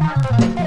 Thank you.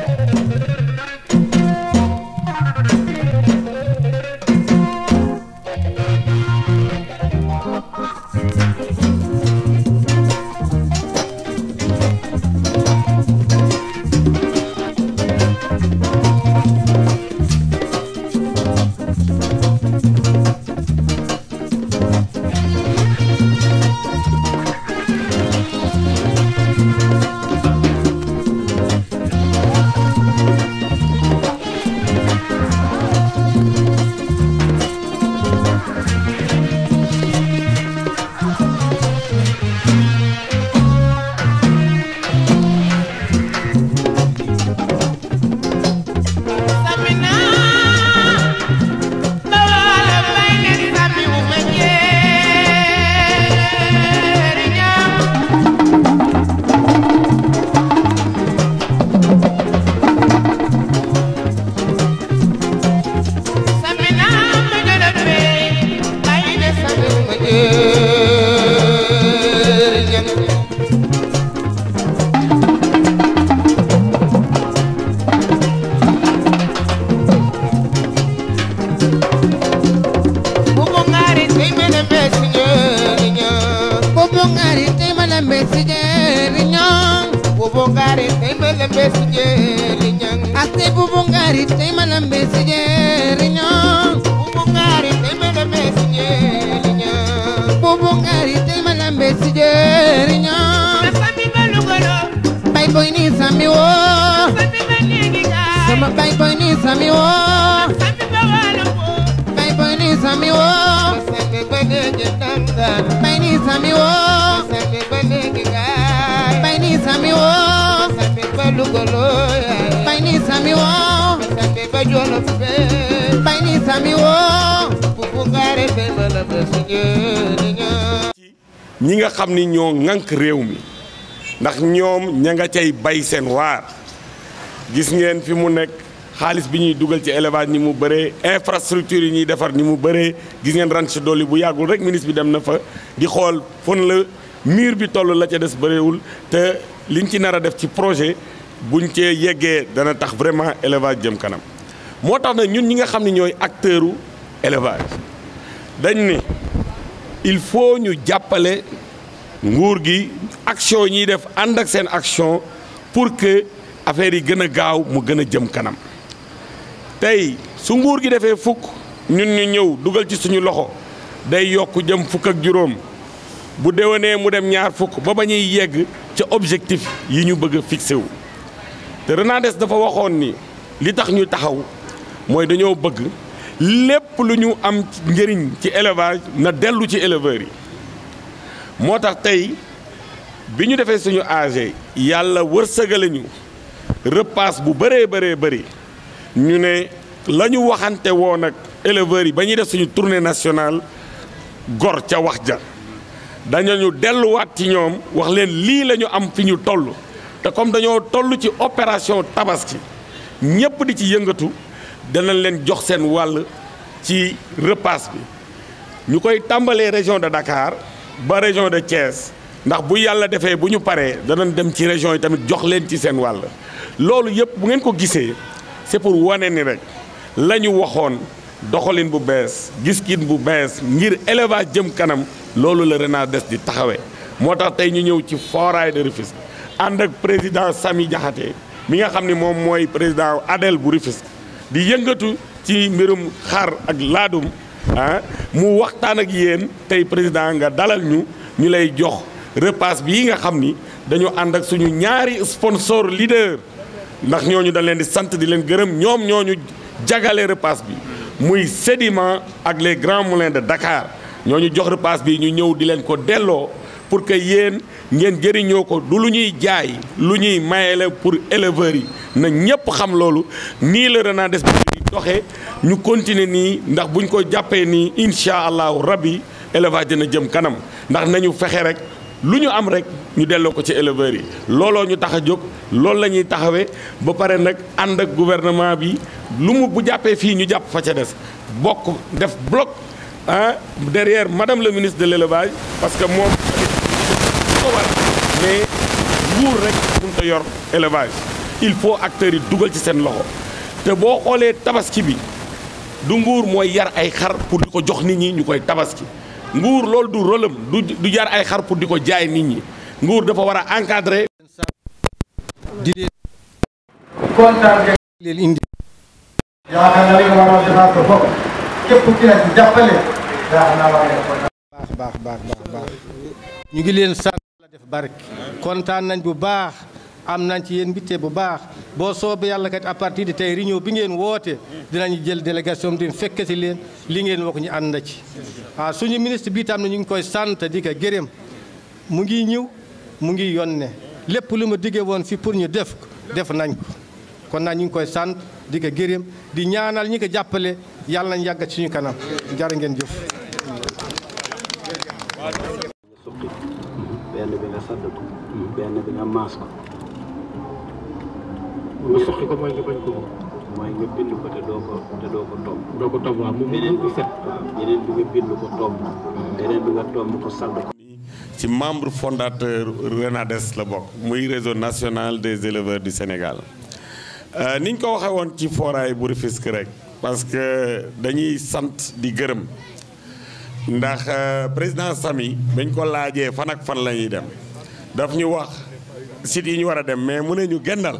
kay bay ni sami wo bay ni sami bay ni sami wo bay ñi nga xam ni ñoo ŋànk réew mi ndax ñoom ña nga cey bay seen waar gis ngeen fi mu nekk xaalis bi ñuy dugal ci élevage ni mu bëree infrastructure yi ñuy defar ni mu bëree gis ngeen ranch dolli bu yàggul rek ministre bi dem na fa di xool fon la mur bi toll la ca des bëreewul te li liñ ci nar a def ci projet bu buñ cee yéggee dana tax vraiment élevage jëm kanam moo tax na ñun ñi nga xam ne ñooy acteur u élevage dañ ne il faut ñu jàppale nguur gi action ñuy def ànd ak seen action pour que affaire yi gën a gaaw mu gën a jëm kanam tey su nguur gi defee fukk ñun ñu ñëw dugal ci suñu loxo day yokk jëm fukk ak juróom bu déwénee mu dem ñaar fukk ba ba ñuy yegg ca objectif yi ñu bëgg a wu te Renades dafa waxoon ni li tax ñu taxaw mooy dañoo bëgg lépp lu ñu am njëriñ ci élevage na dellu ci éleveurs yi moo tax tey bi ñu defee suñu AG yàlla wërsëgale ñu repas bu bëree bëree bëri ñu ne la ñu waxante woon ak éleveurs yi ba ñuy def suñu tournée nationale gor ca wax ja dañu delluwaat ci ñoom wax leen lii lañu am fi ñu toll te comme dañoo toll ci opération tabaski ñépp di ci yëngatu danañ leen jox seen wàll ci repas bi ñu koy tàmbalee région de dakaar ba région de Thiès ndax bu yàlla defee bu ñu paree danañ dem ci région yi tamit jox leen ci seen wàll loolu yépp bu ngeen ko gisee c'est pour wane ni rek la ñu waxoon doxalin bu bees gis-gis bu bees ngir élevage jëm kanam loolu la des di taxawe moo tax tey ñu ñëw ci forage de Rufisque ànd ak président Sami Diakhaté mi nga xam ni moom mooy président ADEL bu Rufisque di yëngatu ci mbirum xar ak laadum ah mu waxtaan ak yéen tey président nga dalal ñu ñu lay jox repas bii nga xam ni dañu ànd ak suñu ñaari sponsor leader ndax ñooñu dañ leen di sant di leen gërëm ñoom ñoo ñooñu jagale repas bi muy Sedima ak les grands moulins de ñoo ñu jox repas bi ñu ñëw di leen ko delloo pour que yéen ngeen jëriñoo ko du lu ñuy jaay lu ñuy mayele pour éleveurs yi na ñépp xam loolu nii la Renades bi doxee ñu continuer nii ndax buñ ko jàppee nii incha allahu rabbi élevage na jëm kanam ndax nañu fexe rek lu ñu am rek ñu delloo ko ci éleveurs yi looloo ñu tax a jóg loolu la ñuy taxawee ba pare nag ànd ak gouvernement bi lu mu bu jàppee fii ñu jàpp fa ca des bokk def bloc ah derrière madame le ministre de l' parce que moom ko war mais nguur rek mënut yor élevage il faut acteurs yi dugal ci seen loxo te boo xoolee tabaski bi du nguur mooy yar ay xar pour di ko jox nit ñi ñu koy tabaski nguur loolu du rôlam du du jar ay xar di ko jaay nit ñi nguur dafa war a encadrer. di leen kontaan leen indi. yaakaar naa li bopp képp ki la jàppale. baax baax baax baax baax ñu ngi leen sant la def barke kontaan nañ bu baax am nañ ci yéen mbitte bu baax. boo soobee yàlla kat à partir de tey réunion bi ngeen woote dinañu jël délégation din fekke si leen li ngeen wax ñu ànd na ci waaw ah, suñu ministre bi tam ne ñu ngi koy sant di ko gërëm mu ngi ñëw mu ngi yonne lépp lu ma diggee woon fi pour ñu def def nañ ko kon nag ñu ngi koy sant di ko gërëm di ñaanal ñi ko jàppale yàlla nañ yàgg suñu kanam jërë ngeen jëf mu soxla ci membre fondateur RENADES la bokk muy réseau national des éleveurs du Sénégal euh, niñ ko waxee ci foraay bu Rufisque rek parce que dañuy sant di gërëm ndax euh, président Sami bañ ko laajee fan ak fan lañuy ñuy dem daf ñu wax sites yi ñu war a dem mais mu ne ñu gendal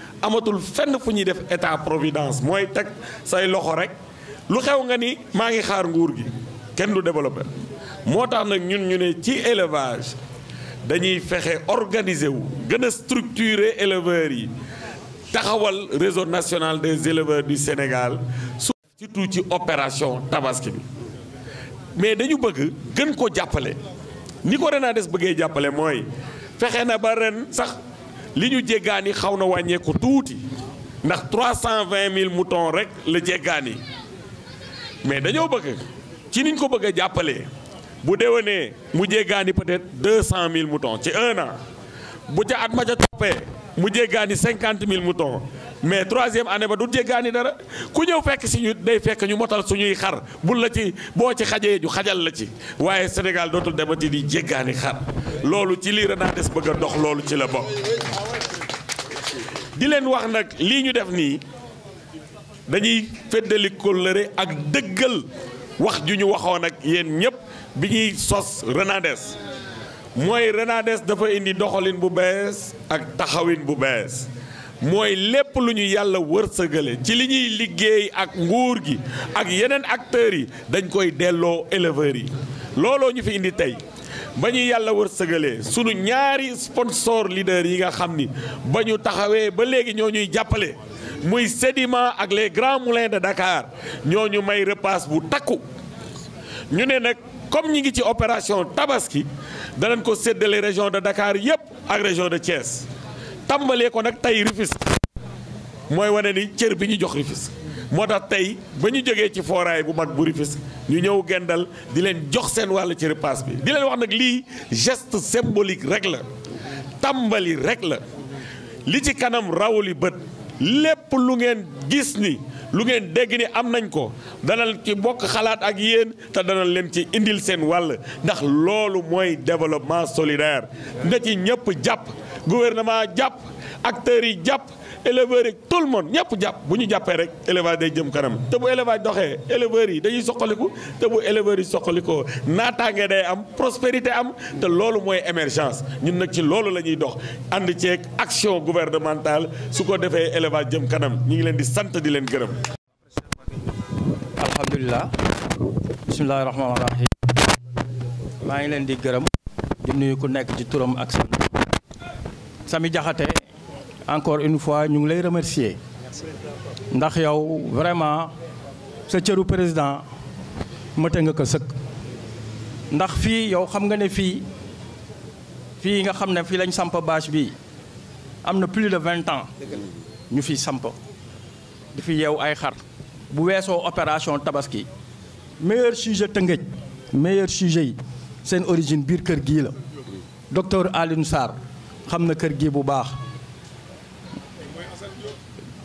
amatul fenn fu ñuy def état providence mooy teg say loxo rek lu xew nga ni maa ngi xaar nguur gi kenn du développé moo tax nag ñun ñu ne ci élevage dañuy fexe organisé wu gën a structurer yi taxawal réseau national des éleveurs du Sénégal surtout ci opération tabaski bi mais dañu bëgg gën ko jàppale ni ko Renades bëggee jàppale mooy fexe na ba ren sax li ñu jéggaani xaw na wàññeeku tuuti ndax trois cent vingt mille moutons rek la jéggaani mais dañoo bëgg ci niñ ko bëgg jàppale jàppalee bu déwénee mu jéggaani peut-être deux cent mille muton ci un bu ca at ma ca toppee mu jéggaani cinquante mille mu toxo mais troisième année ba du jéggaani dara ku ñëw fekk si ñu day fekk ñu motal suñuy xar bul la ci boo ci xajee ñu xajal la ci waaye Sénégal dootul demati di jéggaani xar loolu ci lii Renades bëgg a dox loolu ci la bokk di leen wax nag lii ñu def nii dañuy feddali kóllëre ak dëggal wax ju ñu waxoon ak yéen ñëpp bi ñuy sos Renades mooy Renades dafa indi doxalin bu bees ak taxawin bu bees mooy lépp lu ñu yàlla wërsëgale ci li ñuy liggéey ak nguur gi ak yeneen acteurs yi dañ koy delloo éleveurs yi looloo ñu fi indi tey ba ñu yàlla wërsëgalee suñu ñaari sponsor leader yi nga xam ni ba ñu taxawee ba léegi ñoo ñuy jàppale muy Sedima ak les grands moulins de Dakar ñoo ñu may repasse bu takku ñu ne nag comme ñi ngi ci opération tabaski danañ ko séddale région de Dakar yëpp ak région de Thiès tàmbalee ko nag tey Rufisque mooy wane ni cër bi ñu jox Rufisque moo tax tey ba ñu jegee ci fooraay bu mag bu Rufisque ñu ñëw gendal di leen jox seen wàll ci repas bi di wax nag lii geste symbolique rek la tàmbali rek la li ci kanam rawuli bët lépp lu ngeen gis ni lu ngeen dégg ni am nañ ko dana ci bokk xalaat ak yéen te danañ leen ci indil seen wàll ndax loolu mooy développement solidaire nda ci ñëpp jàpp gouvernement jàpp acteurs yi jàpp éleveurs yi tout le monde ñëpp jàpp bu ñu jàppee rek élevage day jëm kanam te bu élevage doxee éleveurs yi dañuy soqaliku te bu éleveurs yi soqalikoo naataange day am prospérité am te loolu mooy émergence ñun nag ci loolu la ñuy dox ànd ceeg action gouvernementale su ko defee élevage jëm kanam ñu ngi leen di sant di leen gërëm. alhamdulilah bismillahi rahmaani rahim ngi leen di gërëm di nuyu ku nekk ci turam ak sami jaxate encore une fois ñu ngi lay remercier ndax yow vraiment sa le président mëte nga ko sëkk ndax fi yow xam nga ne fi fi nga xam ne fi lañ samp bâche bi am na plus de 20 ans ñu fi samp di fi yew ay xar bu wesso opération tabaski meilleur sujet Tëngéej meilleur sujet sen origine bir kër gi la docteur Alioune Sar xam na kër gi bu baax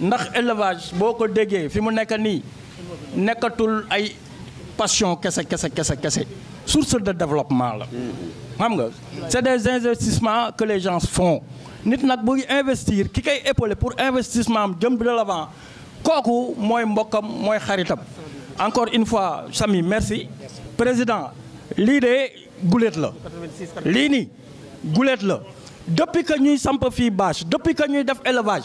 ndax élevage boko ko déggee fi mu nekk nii nekkatul ay passion kese kese kese kese source de développement la xam nga c'est des investissements que les gens font nit nak bu investir ki kay épauler pour investissement am jëm de l'avant koku moy mbokam moy xaritam encore une fois Samy merci président l'idée de guléet la lii nii la depuis que ñuy samp fi bâche depuis que ñuy def élevage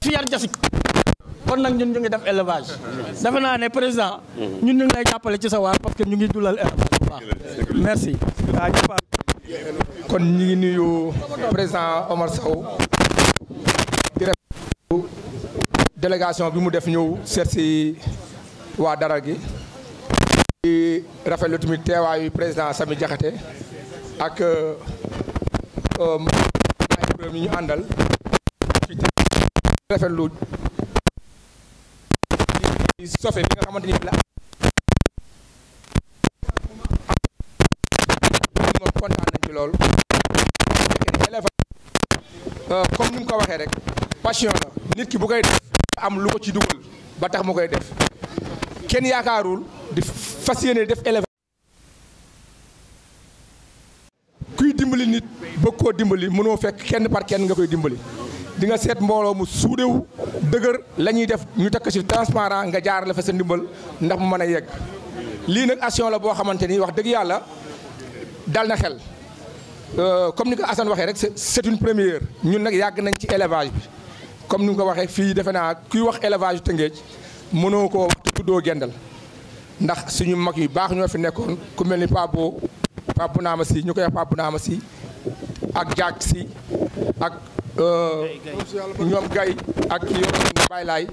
fi yar jasik kon nag ñun ñu ngi def élevage defe naa ne président ñun ñu ngi lay jàppale ci sa waar parce ñu ngi dulal élevage bu baax merci kon ñu ngi nuyu président Omar Sow délégation bi mu def ñëw seet si waa daral gi di rafetlu tamit teewaayu président Sami Diakhaté ak euh, mbay mi ñu àndal rafetlu sofe bi nga xamante ni la moom kontaan nañ euh, comme ni ko waxee rek passion la nit ki bu koy def am lu ko ci dugal ba tax mu koy def kenn yaakaarul di fas yéene def élève kuy dimbali nit bëgg koo dimbali mënoo fekk kenn par kenn nga koy dimbali di nga seet mbooloo mu suudewu dëgër la ñuy def ñu takk ci transparent nga jaar la fa sa ndimbal ndax mu mën a yegg lii nag action la boo xamante ni wax dëgg yàlla dal na xel euh, comme ni ko Assane waxee rek c'est une première ñun nag yàgg nañ ci élevage bi comme ni nga ko waxee fii defe naa kuy wax élevage Tëngéej mënoo ko wax tuddoo gendal ndax suñu mag yi baax ñoo fi nekkoon ku mel ni Pape Bo naa ma si ñu koy wax Pape Bounama si ak Diak si ak Euh, ñoom gay ak ki yoo xam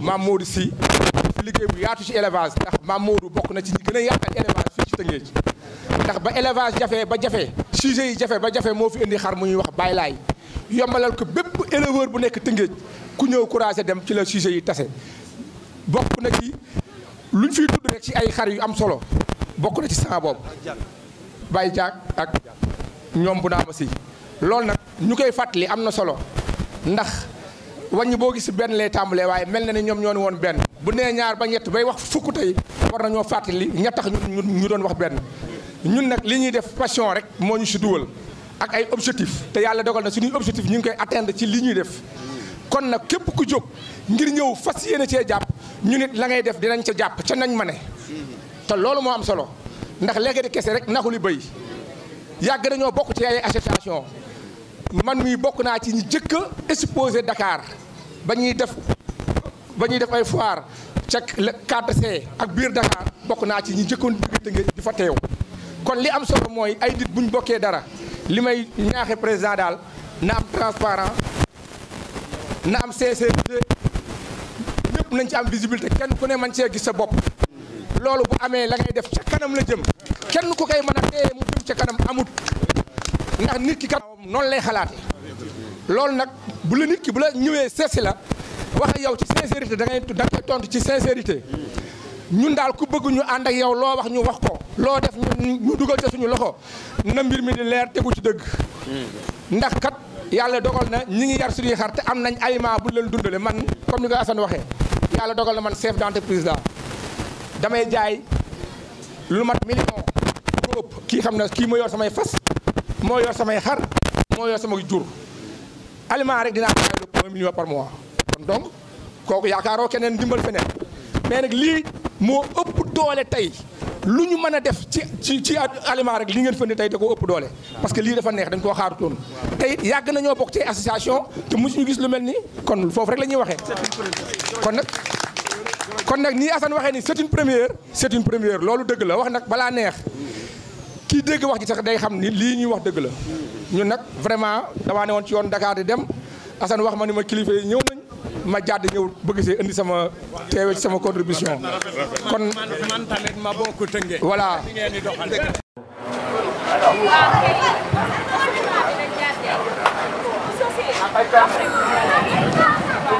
Maam Moodu si liggéey bu yaatu ci élevage ndax Maam Moodu bokk na ci ñi gën a yaatal élevage fii ci Tëngéej ndax ba élevage jafe ba jafe sujet yi jafe ba jafe moo fi indi xar mu ñuy wax Baye Laay yombalal ko bépp éleveur bu nekk Tëngéej ku ñëw courage dem ci la sujet yi tase bokk na ci luñ fiy tudd rek ci ay xar yu am solo bokk na ci sama boobu Baye Jaak ak ñoom bu naa ma si loolu nag ñu koy fàttali am na solo ndax wàññi boo gis benn lay tàmbalee waaye mel na ni ñoom ñoo ni woon benn bu nee ñaar ba ñett bay wax fukk tey war nañoo fàttali ña tax ñu ñu doon wax benn ñun nag li ñuy def passion rek moo ñu si duwal ak ay objectif te yàlla dogal na suñuy objectif ñu ngi koy atteindre ci li ñuy def kon nag képp ku jóg ngir ñëw fas yéene cee jàpp ñu nit la ngay def dinañ ca jàpp ca nañ ma ne te loolu moo am solo ndax léegi di kese rek naxu li bëy yàgg nañoo bokk ci ay association man mii bokk naa ci ñi jëkk exposé dakaar ba ñuy def ba ñuy def ay foire ca le 4C ak biir Dakar bokk naa ci ñi njëkkoon jóge di fa teew kon li am solo mooy ay nit bu ñu bokkee dara li may ñaaxe président daal na am transparent na am sincérité ñëpp nañ ci am visibilité kenn ku ne man cee gis sa bopp loolu bu amee la ngay def ca kanam la jëm kenn ku koy mën a teye mu jëm ca kanam amut ndax nit ki kat noonu lay xalaate loolu nag bu la nit ki bu la ñëwee seesi la wax ak yow ci sincérité da ngay da ngay tontu ci sincérité ñun daal ku bëgg ñu ànd ak yow loo wax ñu wax ko loo def ñu dugal ca suñu loxo na mbir mi di leer tegu ci dëgg ndax kat yàlla dogal na ñi ngi yar suñuy xar te am nañ ay aliment bu leen dundale man comme ni ko Assane waxee yàlla dogal na man chef d'entreprise la damay jaay lu mat million ko ëpp kii xam na ki ma yor samay fas moo yor samay xar moo yor samay jur aliment rek dinaa jaay lu un par mois kon donc kooku yaakaaroo keneen ndimbal feneen mais nag lii moo ëpp doole tey lu ñu mën a def ci ci ci aliment rek li ngeen fënd tey da ko ëpp doole parce que lii dafa neex dañ koo xaarutoon tey yàgg nañoo bokk ci association te mosuñu gis lu mel ni kon foofu rek la ñuy waxee kon nag kon nag nii Assane waxee ni c'est une première c'est une première loolu dëgg la wax nag balaa neex ki deug wax ci sax day xam ni li ñuy wax deug la ñun nak vraiment dama ne won ci yoon Dakar di dem Assane wax ma ni ma kilifa yi nañ ma jadd ñew bëgg ci indi sama téwé ci sama contribution kon man tamit ma bokku tënge voilà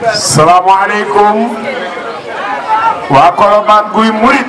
Assalamualaikum Wa Colobane guy murid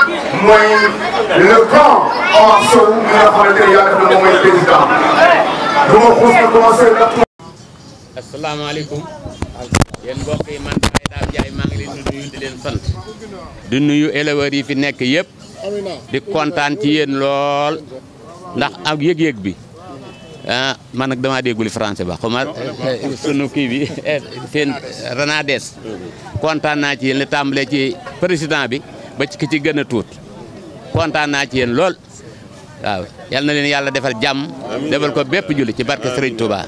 mooy le grand Omar yi di nuyu di yi fi nekk yépp di kontaan ci yéen lool ndax ak yëg-yëg bi. ah man nag damaa dégguli français ba xuma eh, sunu kii bi eh, seen renades kontaan naa ci yéen li tàmbalee ci président bi ba ci ki ci gën a tuut kontaan naa ci yéen lool waaw yal na leen yàlla defal jàmm defal ko bépp julli ci barke Serigne Touba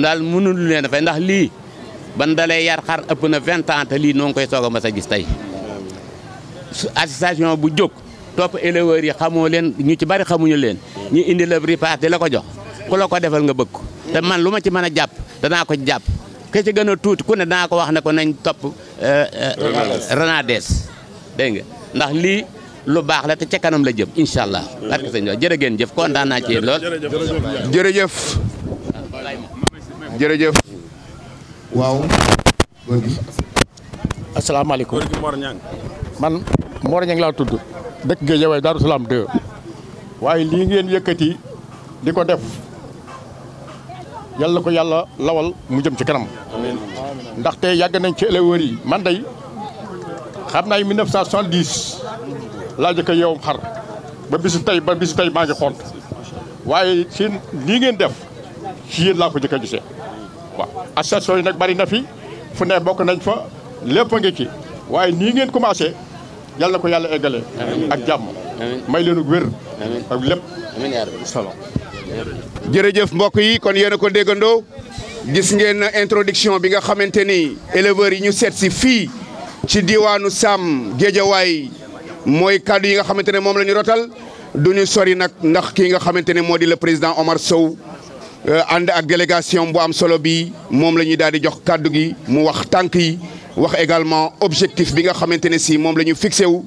daal mënul leen fay ndax lii ban dalee yar xar ëpp na vingt ans lii noo ngi koy soog a mas a gis tey association bu jóg topp éleveurs yi xamoo leen ñu ci bari xamuñu leen ñu indi la ripaas di la ko jox ku la ko defal nga bëgg te man lu ma ci mën a jàpp danaa ko jàpp ke ci gën a tuuti ku ne danaa ko wax ne ko nañ topp euh, euh, renades dégg nga ndax lii lu bax la te ci kanam la jëm inshallah barke señ do jere gene jëf kontan na ci lool. jëf waw assalamu alaykum man Mor la tuddu dekk dëkk Guédiawaye daru salam 2. waye li ngeen yëkëti di def yalla ko yalla lawal mu jëm ci kanam. te yag nañ ci éleveurs yi man day xam 1970. laa jëkk yeewam xar ba bisu tey ba bisu tey maa ngi xont waaye seen lii ngeen def ci yéen laa ko jëkk a gisee waaw association yi nag bari na fi fu ne bokk nañ fa lépp a ngi ci waaye nii ngeen commencé yàlla na ko yàlla eggale ak jàmm may leen wér ak lépp jërëjëf mbokk yi kon yéen ko déggandoo gis ngeen introduction bi nga xamante ni éleveurs yi ñu seet si fii ci diwaanu Sam Géejawaay moy kaddu yi nga xamantene mom lañu rotal duñu sori nak ndax ki nga xamantene modi le président Omar Sow and euh, ak délégation bu am solo bi mom lañu daldi jox kaddu gi mu wax tank yi wax également objectif bi nga xamantene si mom lañu fixé wu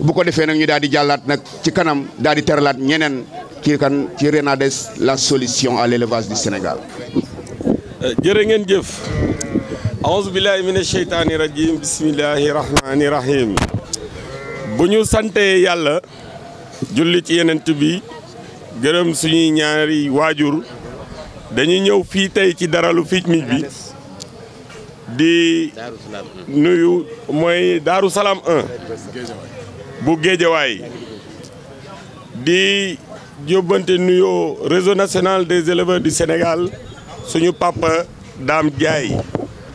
bu ko defee nak ñu daldi jallat nak ci kanam daldi terlat ñenen ki kan ci Renades la solution à l'élevage du Sénégal. jere ngeen jëf. aouzu billahi mina shaitani rajim bismillahir rahmanir rahim. bu ñu santee yàlla julli ci yenent bi gërëm suñuy ñaari waajur dañuy ñëw fii tey ci daralu Fitmith bi di nuyu mooy Daaru Salaam bu Géejawaay di jóbbante nuyoo réseau national des éleveurs du senegal suñu papa Dame Diaye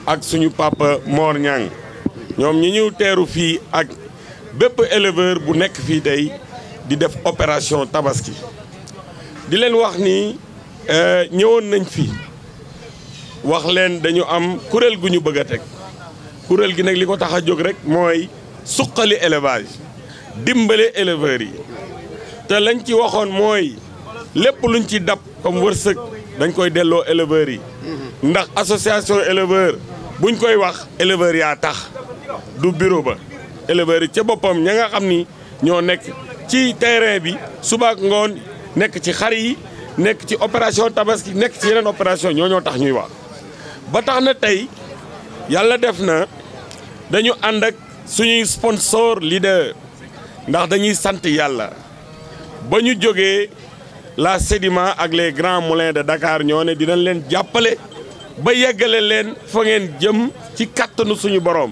ak suñu papa Mor Niang ñoom ñi teeru fii ak bépp éleveur bu nekk fii day di def opération tabaski di leen wax ni euh, ñëwoon nañ fi wax leen dañu am kuréel gu ñu bëgg a teg kuréel gi nag li ko tax a jóg rek mooy suqali élevage dimbale éleveurs yi te lañ ci waxoon mooy lépp luñ ci dab comme wërsëg dañ koy delloo éleveurs yi mhm. ndax association éleveur buñ koy wax éleveurs yaa tax du bureau ba éleveurs yi ca boppam ña nga xam ni ñoo nekk ci terrain bi subaak ngoon nekk ci xar yi nekk ci opération tabaski nekk ci yeneen opération ñoo ñoo tax ñuy wax ba tax na tey yàlla def na dañu ànd ak suñuy sponsor leader ndax dañuy sant yàlla ba ñu jógee la Sedima ak les grands moulins de Dakar ñoo ne dinañ leen jàppale ba yeggale leen fa ngeen jëm ci kàttanu suñu boroom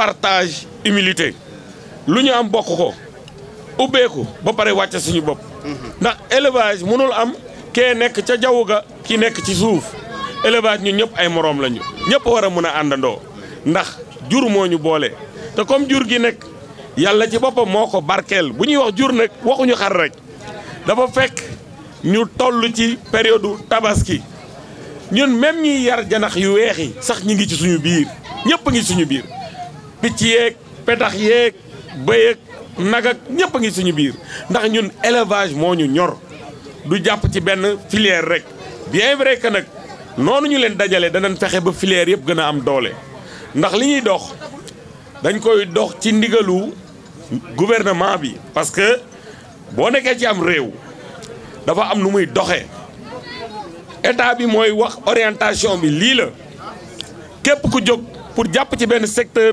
partage humilité lu ñu am bokk ko ubbeeku ba pare wàcce suñu bopp ndax élevage mënul am kee nekk ca jaww ga ki nekk ci suuf élevage ñu ñëpp ay moroom lañu ñëpp war a mën a àndandoo ndax jur moo ñu boole te comme jur gi nekk yàlla ci boppam moo ko barkeel bu ñuy wax jur nag waxuñu xar rek dafa fekk ñu toll ci période tabaski ñun même ñiy yar janax yu weex yi sax ñi ngi ci suñu biir ñëpp ngi suñu biir picc yeeg petax yeeg bëy ak nag ak ñëpp a ngi suñu biir ndax ñun élevage moo ñu ñor du jàpp ci benn filière rek bien vrai que nag noonu ñu leen dajale danañ fexe ba filière yëpp gën a am doole ndax li ñuy dox dañ koy dox ci ndigalu gouvernement bi parce que boo nekkee ci am réew dafa am nu muy doxee état bi mooy wax orientation bi lii la képp ku jóg pour jàpp ci benn secteur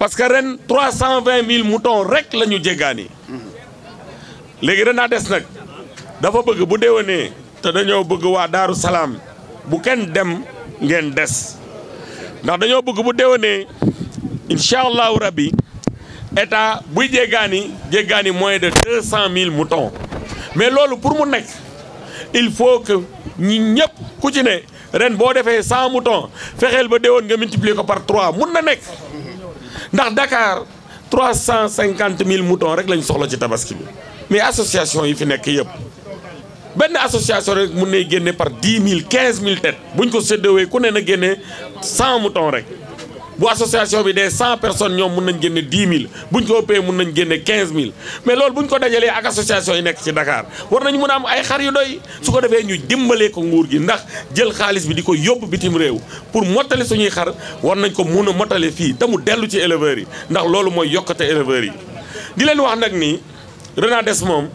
parce que ren trois cent vingt mille moutons rek la ñu jéggaani léegi danaa des nag dafa bëgg bu déwénee te dañoo bëgg waa Daaru Salaam bu kenn dem ngeen des ndax dañoo bëgg bu déwénee incha allahu rabbi état buy jéggaani jéggaani moins de deux cent mille moutons mais loolu pour mu nekk il faut que ñi ñëpp ku ci ne ren boo defee cent moutons fexeel ba déwoon nga multiplier ko par trois mun na nekk. ndax Dakar trois cent cinquante mille moutons rek lañ soxla ci tabaski bi mais association yi fi nekk yëpp benn association rek mun nay génne par dix mille quinze mille buñ ko séddewee ku ne na génne cent moutons rek. bu association bi des cent personnes ñoom mun nañ génne dix mille buñ ko ëppee mun nañ génne quinze mille mais loolu buñ ko dajalee ak association yi nekk ci Dakar war nañ mun a am ay xar yu doy su ko defee ñu dimbalee ko nguur gi ndax jël xaalis bi di ko yóbbu bitim réew pour mottali suñuy xar war nañ ko mun a mottali fii te mu dellu ci éleveurs yi ndax loolu mooy yokkate éleveurs yi di leen wax nag nii ni des moom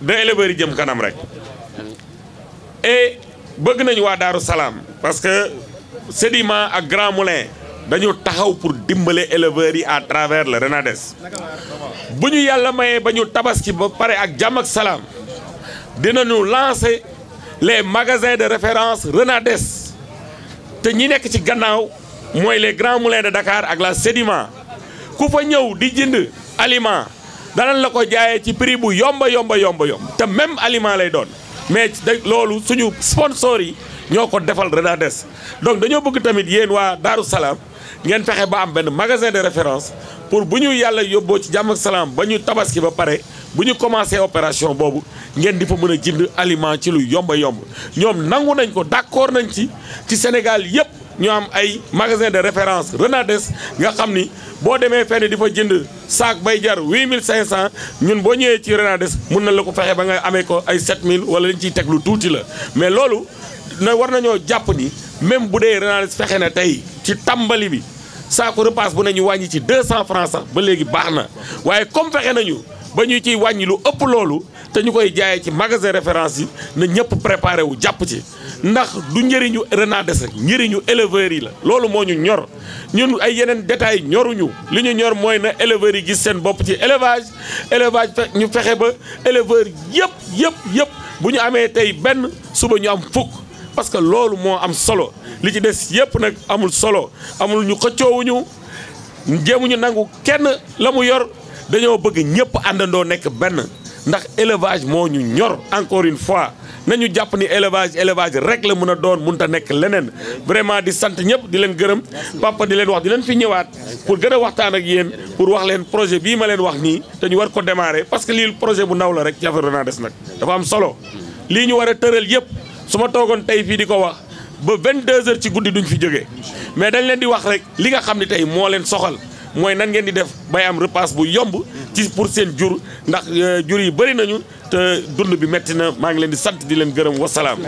da éleveurs yi jëm kanam rek et bëgg nañu waa Daaru Salaam parce que Sedima ak Grand Moulin dañu taxaw pour dimbale éleveurs yi à travers le des bu ñu yàlla mayee ba ñu tabaski ba pare ak jàmm ak salaam dinañu lancer les magasin de référence des te ñi nekk ci gannaaw mooy les Grands Moulins de Dakar ak la Sedima ku fa ñëw di jënd aliment danañ la ko jaayee ci prix bu yomba yomba yomba yomb te même aliment lay doon mais loolu suñu sponsor yi ñoo ko defal des donc dañoo bëgg tamit yéen waa Daaru Salaam ngeen fexe ba am benn magasin de référence pour bu ñu yàlla yóbboo ci jàmm salaam ba ñu tabaski ba pare bu ñu commencé opération boobu ngeen di fa mën a jënd aliment ci lu yomba yomb ñoom nangu nañ ko d'accord nañ ci ci Sénégal yépp ñu am ay magasin de référence des nga xam ni boo demee fenn di fa jënd saak bay jar 8500 ñun boo ñëwee ci des mun na la ko fexe ba ngay amee ko ay 7000 wala liñ ciy teg tuuti la mais loolu na war nañoo jàpp ni même bu dee Renalès fexe na tey ci tàmbali bi saako repasse bu nañu wàññi ci 200 francs sax ba léegi baax na waaye comme fexe nañu ba ñu ciy wàññi lu ëpp loolu te ñu koy jaayee ci magasin référence yi na ñëpp préparé wu jàpp ci ndax du njëriñu Renalès rek njëriñu éleveurs yi la loolu moo ñu ñor ñun ay yeneen détails ñoruñu li ñu ñor mooy na éleveurs yi gis seen bopp ci élevage élevage ñu fexe ba éleveurs yëpp yëpp yëpp bu ñu amee tey benn suba ñu am fukk parce que loolu moo am solo li ci des yëpp nag amul solo amul ñu xëccoowuñu jéemuñu nangu kenn la mu yor dañoo bëgg ñëpp àndandoo nekk benn ndax élevage moo ñu ñor encore une fois nañu jàpp ni élevage élevage rek la mën a doon mënut a nekk leneen vraiment di sant ñëpp di leen gërëm papa di leen wax di leen fi ñëwaat pour gën a waxtaan ak yéen pour wax leen projet bii ma leen wax nii te ñu war ko démarrer parce que lii projet bu ndaw la rek ci affaire des nag dafa am solo lii ñu war a tëral yëpp. suma togon tay fi diko di wax ba 22 h ci goudi duñ fi joggé mais dañ leen di wax rek li nga xamni tay mo leen soxal moy nan ngeen di def bay am repas bu yomb ci pour sen jour ndax euh, jour yi bari nañu te dund bi metti na ma ngi leen di sant di leen gërëm wasalaam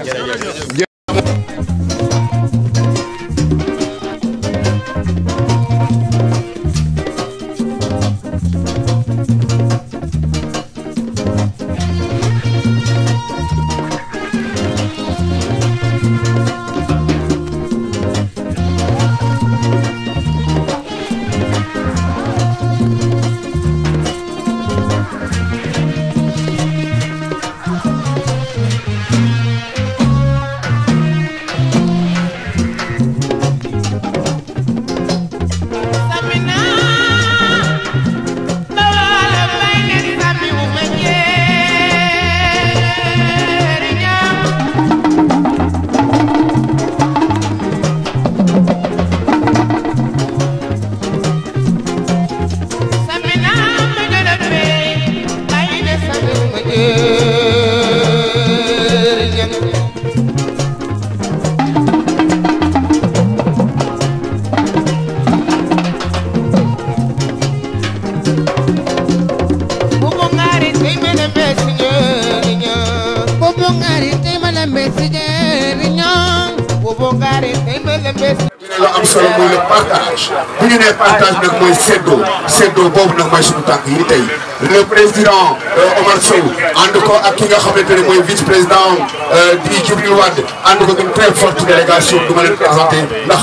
seddoo boobu nag mooy suñu tànk yi tey le président euh, Omar Sow ànd ko ak ki nga xamante ne mooy vice président euh, di Djibril Wade ànd ko une très forte délégation du ma leen ndax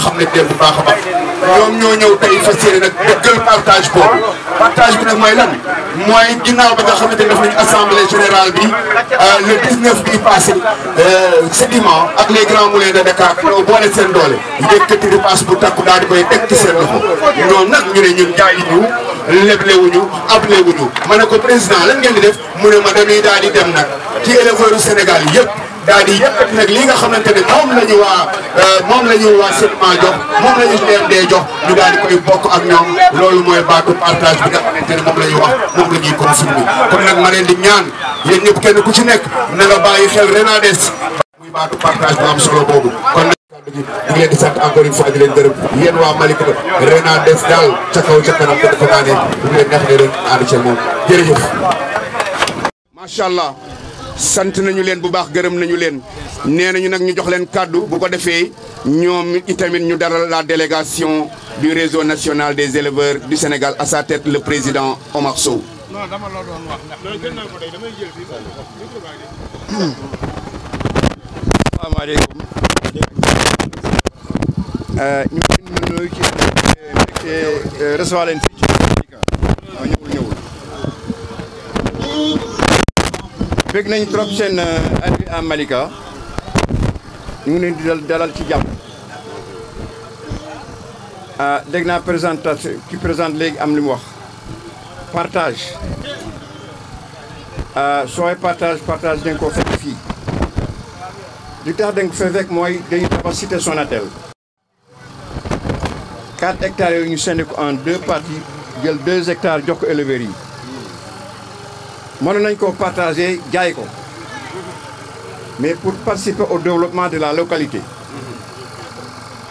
xam ne dem bu baax a baax ñoom ñoo ñëw tey fas yéene nag dëggal partage boobu partage bi nag mooy lan mooy ginnaaw ba nga xamante ne def nañu assemblée générale bi euh, le 19 bii passé sédiment ak les grands moulins de Dakar ñoo boole seen doole yëkkati repas bu takku daal di koy leble wuñu able wuñu ma ne ko président lan ngeen di def mu ne ma dañuy daal di dem nag ci éleveurs yu Sénégal yëpp daal di yëkkati nag li nga xamante ne moom la ñu waa euh, moom la ñu waa SETMA jox moom la ñu DMD jox ñu daal di koy bokk ak ñoom loolu mooy wax moom la ñuy consommer kon nag ma leen di ñaan yéen ñëpp kenn ku ci nekk na nga bàyyi xel Renades muy baatu partage bu am solo boobu leen di sant encore une fois di leen gërëm yéen waa Malick ba Rena des daal ca kaw ca kanam dafa naa ne bu mu leen neex ne leen ànd ci moom jërëjëf. macha allah sant nañu leen bu baax gërëm nañu leen nee nañu nag ñu jox leen kàddu bu ko defee ñoom itamit ñu dara la délégation du réseau national des éleveurs du Sénégal à sa tête le président Omar Sow. non dama la doon wax salaamaaleykum. ñu ngi nuyu nañ trop seen euh, arrivé à Malika ñu ngi leen di dalal ci jàmm. ah dégg naa présentation ki présente léegi am li mu wax partage ah sooy partage partage da nga ko fekk fii li tax da nga fekk mooy dañuy tabax cité Sonatel. 4 hectares ñu en deux parties jël 2 hectares jox ko nous yi nañ partager jaay mais pour participer au développement de la localité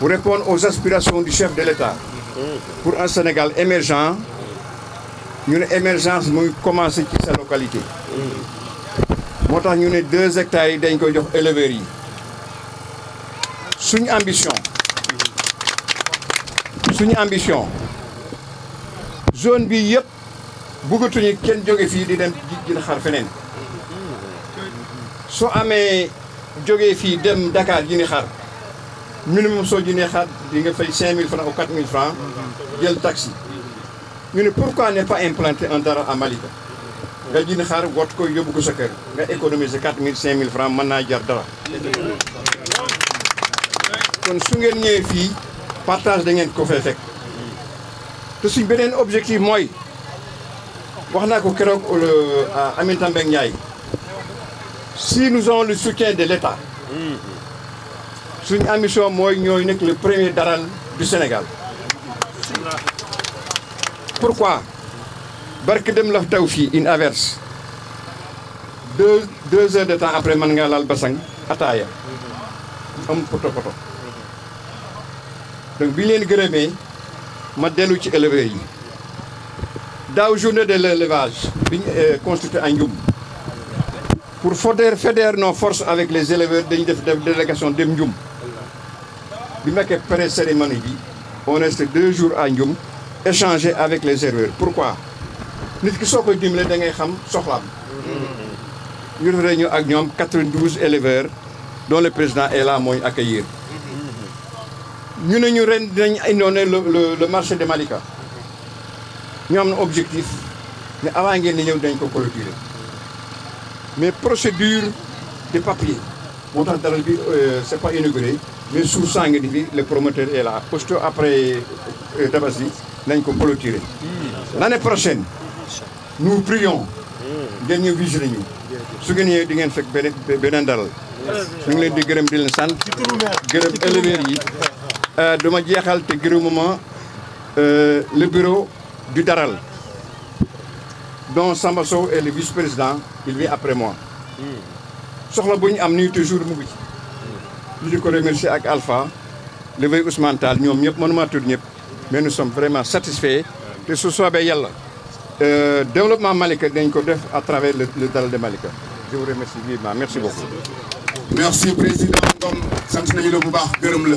pour répondre aux aspirations du chef de l'État pour un Sénégal émergent une une émergence muy commencer ci sa localité moo tax ñu 2 hectares yi dañ ko jox ambition suñu ambition zone bi yëpp bëggatuñu kenn jóge fii di dem jigéen xar feneen soo amee jógee fii dem Dakar jini xar minimum soo jëndee xar di nga fay 5000 francs ou 4000 francs jël taxi ñu ne pourquoi n'est pas implanter un dara à Malika nga jënd xar wat ko yóbbu ko sa kër nga économiser 4000 5000 francs mën naa jar dara kon su ngeen partage da ngeen ko fee fekk te suñ beneen objectif moi. wax naa ko keroog euh, à Amin Mbengue Ndiaye si nous avons le soutien de l'État suñ ambition mooy ñooy nekk le premier daral du Sénégal pourquoi Parce dem la taw fait une averse deux deux heures de temps après man nga laal basang ataaya am poto poto donc je suis venu à ma dellu ci Dans yi journée de l'élevage bi construit euh, construit à pour fédérer fédérer nos forces avec les éleveurs de def délégation de Ndioum bi ma nekkee cérémonie on reste deux jours à yum, échanger avec les éleveurs pourquoi Nous, ki soo koy dimbale da ngay xam soxlaam ñu réunion ak 92 éleveurs dont le président est là à accueillir ñu ne ñu ren dinañ le le le marché de Malika ñu am un objectif mais avant ngeen di ñëw dañ ko clôturer mais procédure de papier moo tax dalal bi euh, pas inauguré mais sous saa di le promoteur est là poste après euh, Tabaski nañ ko clôturer. L'année prochaine nous prions. ngeen ñëw visiter ñu. su ngeen ñëwee di ngeen fekk beneen beneen dalal. ñu ngi leen di gërëm di leen sant. gërëm éleveurs yi. Euh, duma jeexal te euh, le bureau du Daral dont Samba est le vice-président il vient après moi soxla bu ñu am toujours mu ngi ci ñu di remercier ak Alpha Lévi Ousmane Tal, ñoom ñëpp mënuma mais nous sommes vraiment satisfaits te ce soit le développement Malika dañ à travers le Daral de Malika je vous remercie vivement merci beaucoup merci président Ngom sant bu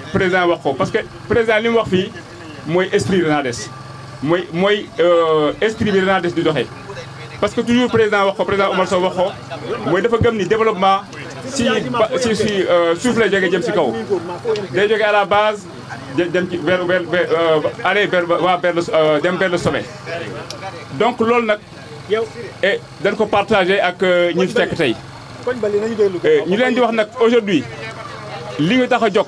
président wax ko parce que président lim wax fi moy esprit moy moy euh esprit bi du parce que toujours président wax président Omar Sow wax ko mooy dafa gëm ni développement si si si euh, suuf la jóge jëm si kaw day à la base. dem ci vers vers euh, aller vers waa vers euh, dem vers le sommet donc nak yow et dañ ko partager ak ñu tek tay ñu leen di wax nak aujourd'hui li nga tax jox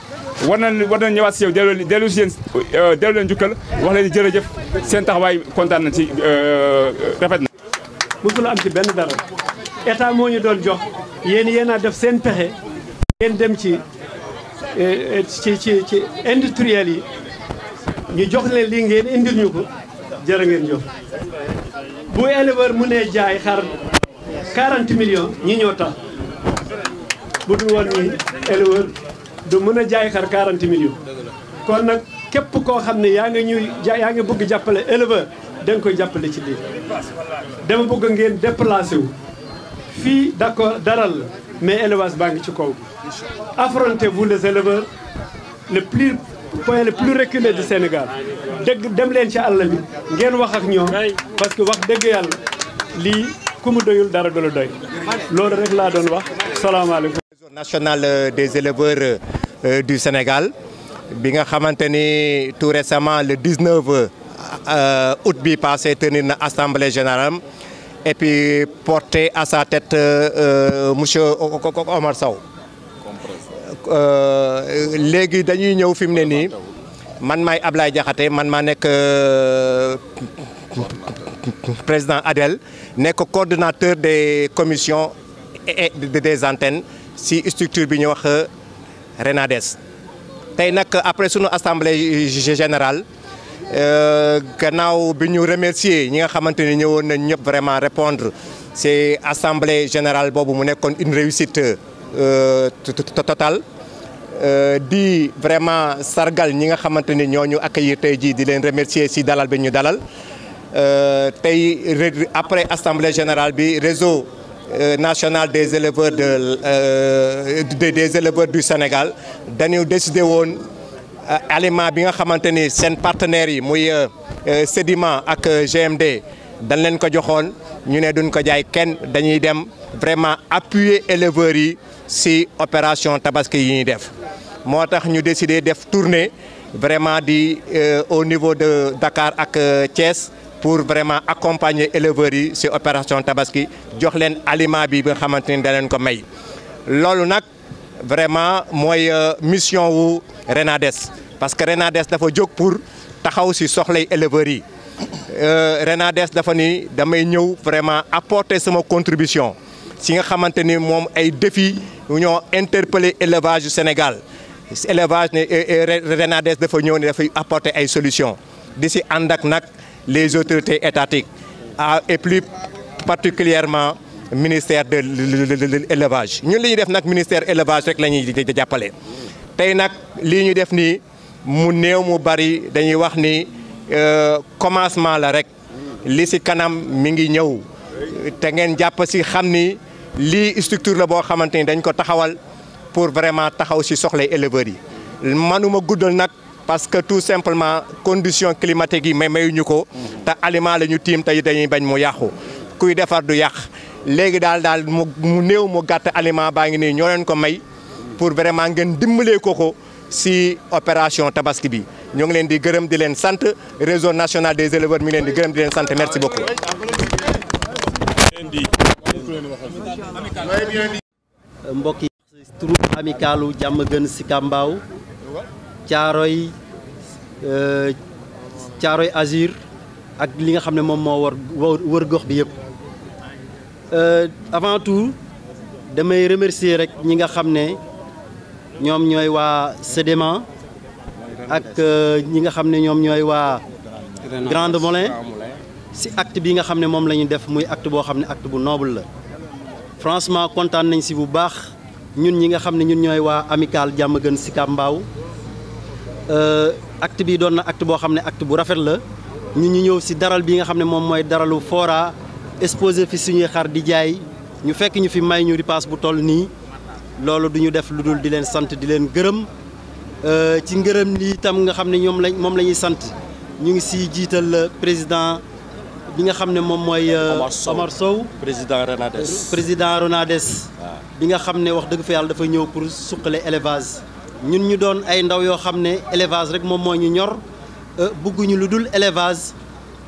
war nañu war nañu ñëwaat si yow delloo delloo si yéen euh, leen jukkal wax leen jërëjëf seen taxawaay kontaan nañ ci euh, rafet na. mosul am ci benn dara état moo ñu doon jox yéen yéen a def seen pexe ngeen dem ci euh, ci ci ci industriel yi ñu jox leen lii ngeen indil ñu ko jërë ngeen jox bu éleveur mu nee jaay xar million millions ñi ñoo tax bu dul woon ñi éleveur. Je 40 millions. affrontez-vous les éleveurs le plus le plus du Sénégal parce que national euh, des éleveurs. Euh, euh, du Sénégal bi nga été tout récemment le 19 euh, euh, août bi passé tenir assemblée générale et puis porté à sa tête monsieur Omar Sow Les dañuy ñëw ont filmé, ne nii man maay Ablaye suis man maa nekk président ADEL le coordonnateur des commissions et des antennes si structure est Renades tey nag après sunu assemblée générale euh, gannaaw bi remercier nous nga xamante ni vraiment répondre c'est assemblée générale boobu mu comme une réussite euh, totale euh, di vraiment sargal ñi nga xamante ni accueillir tay ji di len remercier ci dalal biñu dalal dalal tay après assemblée générale bi réseau. Euh, national des éleveurs euh, des éleveurs du Sénégal Nous avons décidé d'aller euh, maintenir nga partenariat ni le partenaires yi GMD dañ leen ko d'appuyer ñu ne duñ ko vraiment appuyer éleveurs yi l'opération tabaski yi def vraiment au niveau de Dakar ak Thiès pour vraiment accompagner éleveurs yi l'opération opération tabaski jox leen aliment bi nga xamante da ko may vraiment moy euh, mission wu Renades parce que Renades dafa fait pour taxaw ci soxlay éleveurs yi euh, Renades dafa ni damay vraiment apporter sama contribution Si nga xamante un défi, ay défis ñu interpeller élevage Sénégal L'élevage euh, Renades dafa ñëw apporter ay solutions D'ici, on nak les autorités étatiques et plus particulièrement ministère de l'élevage ñun li ñuy def nag ministère élevage rek la ñuy jàppale tey nag def nii mu néew mu bari dañuy wax ni euh, commencement la rek li ci kanam mi ngi ñëw te ngeen jàpp ci xam ni lii structure la boo xamante ni dañ ko taxawal pour vraiment taxaw ci soxlay éleveurs yi manuma guddal nag parce que tout simplement condition climatique yi may mayuñu ko te aliment la ñu tiim tey dañuy bañ mu yàqu kuy defar du yàq léegi daal daal mu mu néew mu gàtt aliment baa ngi nii ñoo leen ko may pour vraiment ngeen dimbalee ko ko si opération tabaski bi ñoo ngi leen di gërëm di leen sant réseau national des elever mi ngi leen di gërëm di leen sant merci beaucoup. mbokk yi turu amicalu jàmm gën si Kambaaw euh caaroy azur ak li nga xam mom mo wor war gox bi euh avant tout damay remercier rek ñi nga xam ñom ñoy wa Sedema ak euh, ñi nga xam ñom ñoy wa Grande Moulin si acte bi nga xam mom lañu def muy acte bo acte bu noble la franchement kontan nañ si bu baax ñun ñi nga xam ñun ñoy wa amical jamm gën Kambaaw Euh, acte bii doon na acte boo xam ne acte bu rafet la ñu ñu ñëw si daral bi nga xam ne moom mooy daralu Fora exposé fi suñuy xar di jaay ñu fekk ñu fi may ñu ripaas bu toll nii loolu duñu def lu dul di leen sant di leen gërëm euh, ci ngërëm li itam nga xam ne ñoom lañ moom la ñuy sant ñu ngi si jiital euh, président bi nga xam ne moom mooy Omar Sow président Renades président Renades bi nga xam ne wax dëgg fa yàlla dafa ñëw pour suqale élevage ñun ñu doon ay ndaw yoo xam ne élevage rek moom moo ñu ñor euh, bëgguñu lu dul élevage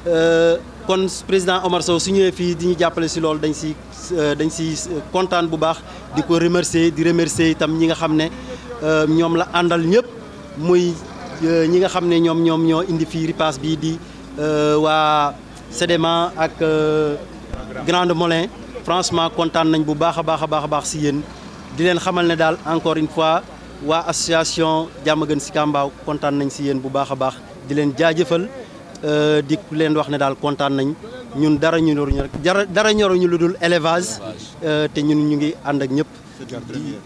euh, kon président Omar Sow su ñëwee fii di ñu jàppale si loolu dañ si euh, dañ si kontaan bu baax di ko remercier di remercier itam ñi nga xam ne ñoom la àndal ñëpp muy ñi nga xam ne ñoom ñoom ñoo indi fii ripaas bii di waa Sedema ak Grande molin franchement kontaan nañ bu baax a baax a baax a baax si yéen di leen xamal ne daal encore une fois wa association Diamaguène Sicap Mbao kontaan nañ si yéen bu baax a baax di leen jaajëfal euh, di leen wax ne dal kontaan nañ ñun dara ñu ñoruñu rek dara ñoruñu lu dul élevage euh, te ñun ñu ngi ànd ak ñëpp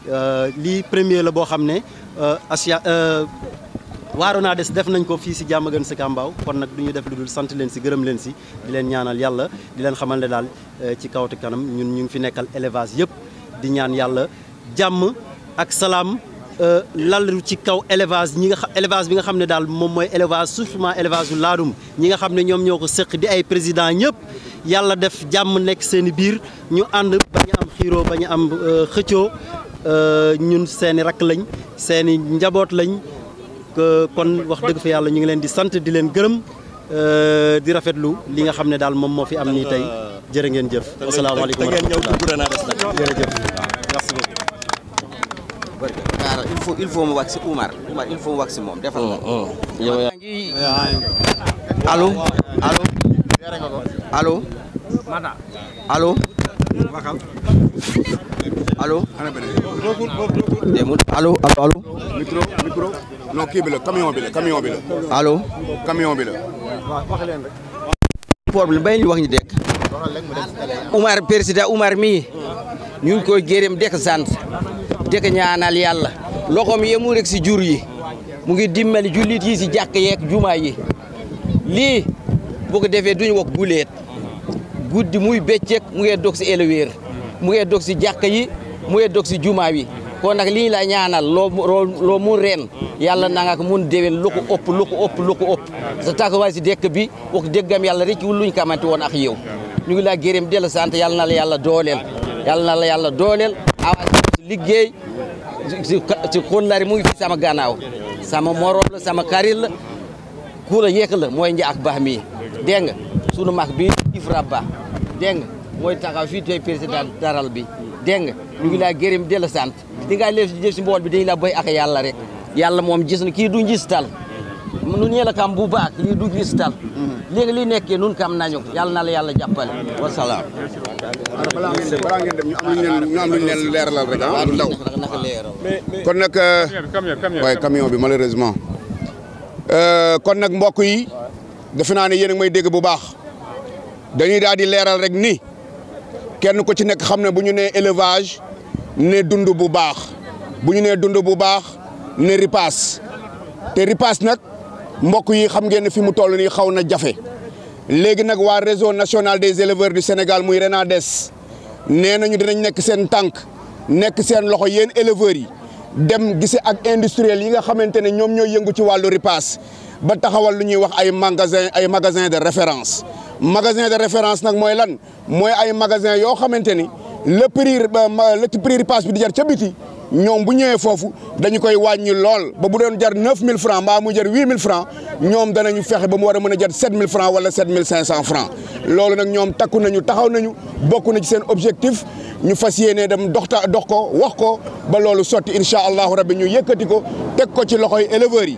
euh, premier la boo xam ne asia waaro naa des def nañ ko fii si Diamaguène Sicap Mbao kon nak duñu def luddul dul sant leen si gërëm leen si di leen ñaanal yalla di leen xamal ne dal ci kawtu kanam ñun ñu ngi fi nekkal élevage yépp di ñaan yalla jamm ak salam Euh, lalu ci kaw élevage ñi nga xam élevage bi nga xam ne daal moom mooy élevage surtout élevage u laadum ñi nga xam ne ñoom ñoo ko sëq di ay président ñëpp yàlla def jàmm nekk seen i biir ñu ànd bañu am ba ñu am euh, xëccoo euh, ñun seeni i rakk lañ seeni njaboot lañ kon wax dëgg fa yàlla ñu ngi leen di sant di leen gërëm di rafetlu li nga xam ne daal moom moo fi am nii tey jërë ngeen jëf asalaamaaleykum faut il faut mu Umar Umar il faut mu wax defal mm, mm. yow yaa ngi allo allo allo allo allo demul allo allo allo micro micro non kii bi la camion bi la camion bi la allo camion bi la wax leen rek problème bay ñu wax ñu dekk Umar président Umar mi ñu ko gërëm dekk sant dekk ñaanal yàlla loxom mu rek ci jur yi mu ngi dimmel julit yi ci jakk yek juma yi li bu ko defé duñ wok guleet guddi muy beccek mu ngi dox ci éleveur mu ngi dox ci jakk yi mu ngi dox ci juma yi ko nak li la ñaanal lo lo mu ren yalla na nga ko mun dewel lu ko ëpp lu ko op lu ko ëpp sa taxawaay si dëkk bi wax deggam yalla rek wul luñ kamante won ak yow ñu ngi la gërem del sante yalla na la yalla dolel yalla na la yàlla awa awaas liggey ci kollari mu ngi fi sama gannaaw sama morom la sama karil la ku la yéeg la mooy Ndiakh Ba mii dégg nga sunu mag bi Ifra Ba dégg nga mooy taxaw fii tey président daral bi dégg nga ñu ngi laa gërëm di la sant di ngaa leef si jëf mbool bi dañu la béy ak yàlla rek yàlla moom jis na kii du tal nun yela kam bu baax lii du gis tal léegi nekk nekkee nun kam nañu yàlla na la yàlla jàppale wasalaam balaa ngeen dem leen ñu am luñ leen kon nag euh, waaye camion bi malheureusement euh, kon nag mbokk yi defe naa ne yéen a may dégg bu baax dañuy daal di leeral rek ni kenn ku ci nekk xam ne bu ñu nee élevage ne dund bu baax bu ñu nee dund bu baax ne ripaas te ripaas nag mbokk yi xam ngeen ne fi mu toll nii xaw na jafe léegi nag waa réseau national des éleveurs du Sénégal muy des nee nañu dinañ nekk seen tànk nekk seen loxo yéen éleveurs yi dem gise ak industriel yi nga xamante ne ñoom ñooy yëngu ci wàllu ripaas ba taxawal lu ñuy wax ay magasin ay magasin de référence magasin de référence nag mooy lan mooy ay magasin yoo xamante ni le prix le prix ripaas bi di jar ca biti ñoom bu ñëwee foofu dañu koy wàññi lool ba bu doon jar neuf mille francs mbaa mu jar huit mille francs ñoom danañu fexe ba mu war a mën a jar sept mille francs wala sept mille cinq cent francs loolu nag ñoom takku nañu taxaw nañu bokk na ci seen objectif ñu fas yéenee dem doxta dox ko wax ko ba loolu sotti incha allahu rabbi ñu yëkkati ko teg ko ci loxoy éleveurs yi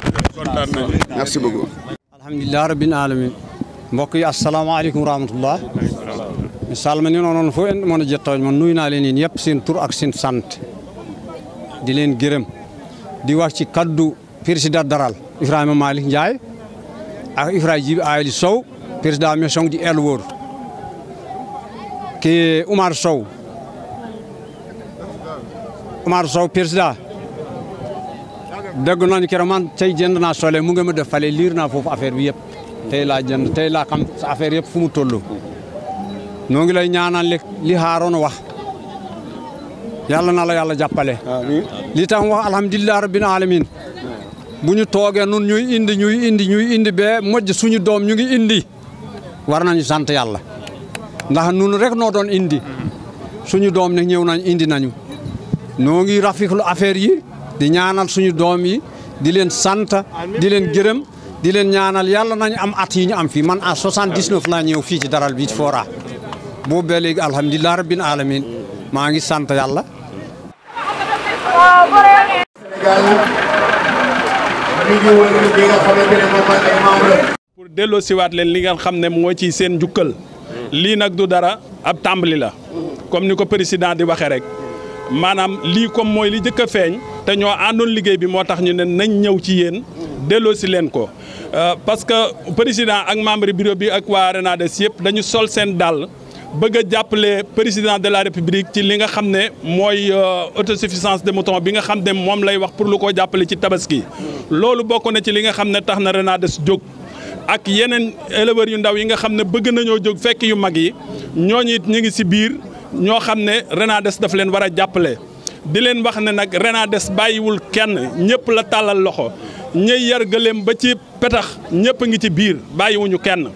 kontaan nañu. merci beaucoup. alhamdulilah rabbil mbokk yi asalaamaaleykum wa rahmatullah. misaal ma ni noonu foo leen mën a jottooñ man leen yéen yëpp tur ak seen sant di leen gërëm di wax ci kaddu président daral Ibrahima Malick Ndiaye ak Ibrahima Djibi Ayli Sow président maison di El Wóor ki Oumar Sow Oumar Sow président dégg nañu keroog man tey jënd naa soleil mu ngi ma def fale liir naa foofu affaire bi yëpp tey laa jënd tey laa xam sa affaire yëpp fu mu toll. noo ngi lay ñaanal li li xaaroon wax yàlla na la yàlla jàppale. li tax wax alhamdulilah rabbil alamin bu ñu toogee nun ñuy indi ñuy indi ñuy indi bee mojj suñu doom ñu ngi indi war nañu sant yàlla ndax nun rek noo doon indi mm-hmm. suñu doom ne ñëw nañ indi nañu noo ngi rafetlu affaire yi. di ñaanal suñu doom yi di leen sant di leen jërëm di leen ñaanal yàlla nañu am at yi ñu am fii man à 79 laa ñëw fii ci daral bi foora boobu ba léegi alhamdulilah rabbil alamin maa ngi sant yàlla. pour delloo siwaat leen li nga xam ne moo ci seen njukkal. lii nag du dara ab tàmbali la. comme ni ko président di waxee rek. maanaam li comme mooy li njëkk a feeñ. te ñoo àndoon liggéey bi moo tax ñu ne nañ ñëw ci yéen delloo si leen ko euh, parce que président ak membre bureau bi ak waa des yëpp dañu sol seen dàll bëgg a jàppale président de la république ci li nga xam ne mooy euh, autosuffisance de mouton bi nga xam ne moom lay wax pour lu ko jàppale ci tabaski loolu bokk na ci li nga xam ne tax na renaa Renades jóg ak yeneen éleveurs yu ndaw yi nga xam ne bëgg nañoo jóg fekk yu mag yi ñooñu it ñu ngi si biir ñoo xam ne Renades daf leen war a jàppale di leen wax ne nag des bàyyiwul kenn ñëpp la tàllal loxo ñëy yar gëléem ba ci petax ñëpp a ngi ci biir bàyyiwuñu kenn